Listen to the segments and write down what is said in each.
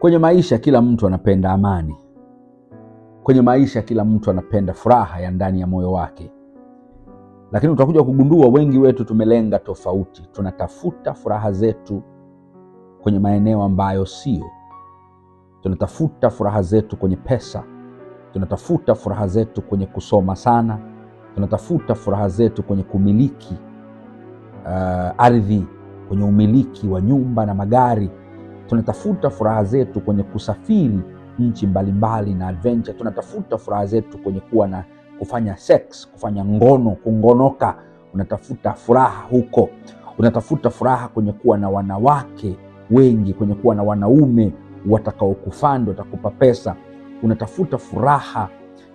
Kwenye maisha kila mtu anapenda amani. Kwenye maisha kila mtu anapenda furaha ya ndani ya moyo wake, lakini utakuja kugundua wengi wetu tumelenga tofauti. Tunatafuta furaha zetu kwenye maeneo ambayo sio. Tunatafuta furaha zetu kwenye pesa, tunatafuta furaha zetu kwenye kusoma sana, tunatafuta furaha zetu kwenye kumiliki uh, ardhi, kwenye umiliki wa nyumba na magari tunatafuta furaha zetu kwenye kusafiri nchi mbalimbali na adventure. Tunatafuta furaha zetu kwenye kuwa na kufanya sex, kufanya ngono, kungonoka. Unatafuta furaha huko, unatafuta furaha kwenye kuwa na wanawake wengi, kwenye kuwa na wanaume watakaokufanda, watakupa pesa. Unatafuta furaha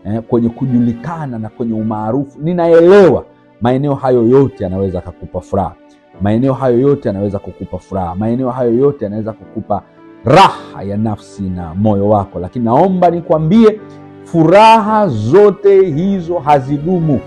eh, kwenye kujulikana na kwenye umaarufu. Ninaelewa maeneo hayo yote yanaweza akakupa furaha. Maeneo hayo yote yanaweza kukupa furaha, maeneo hayo yote yanaweza kukupa raha ya nafsi na moyo wako. Lakini naomba nikwambie, furaha zote hizo hazidumu.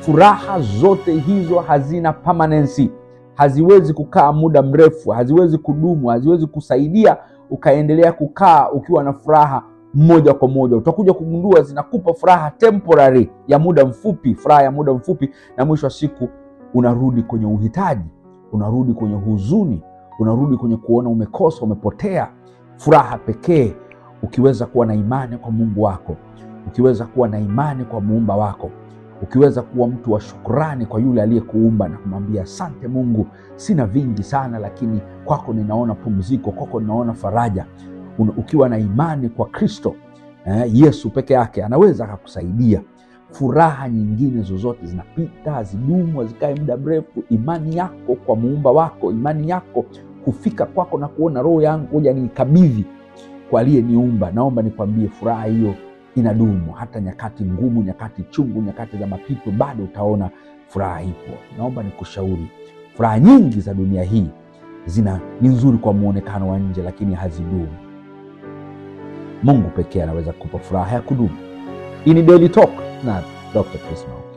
Furaha zote hizo hazina permanency, haziwezi kukaa muda mrefu, haziwezi kudumu, haziwezi kusaidia ukaendelea kukaa ukiwa na furaha moja kwa moja. Utakuja kugundua zinakupa furaha temporary ya muda mfupi, furaha ya muda mfupi, na mwisho wa siku unarudi kwenye uhitaji unarudi kwenye huzuni, unarudi kwenye kuona umekosa, umepotea. Furaha pekee ukiweza kuwa na imani kwa Mungu wako, ukiweza kuwa na imani kwa muumba wako, ukiweza kuwa mtu wa shukrani kwa yule aliyekuumba na kumwambia asante Mungu, sina vingi sana, lakini kwako ninaona pumziko, kwako ninaona faraja. Ukiwa na imani kwa Kristo eh, Yesu peke yake anaweza akakusaidia furaha nyingine zozote zinapita, zidumu hazikae muda mrefu. Imani yako kwa muumba wako, imani yako kufika kwako na kuona roho yangu, ngoja niikabidhi kwa aliyeniumba. Naomba nikwambie, furaha hiyo inadumu hata nyakati ngumu, nyakati chungu, nyakati za mapito, bado utaona furaha ipo. Naomba nikushauri, furaha nyingi za dunia hii zina ni nzuri kwa mwonekano wa nje, lakini hazidumu. Mungu pekee anaweza kupa furaha ya kudumu. Hii ni Daily Talk. not Dr. Chris Mount.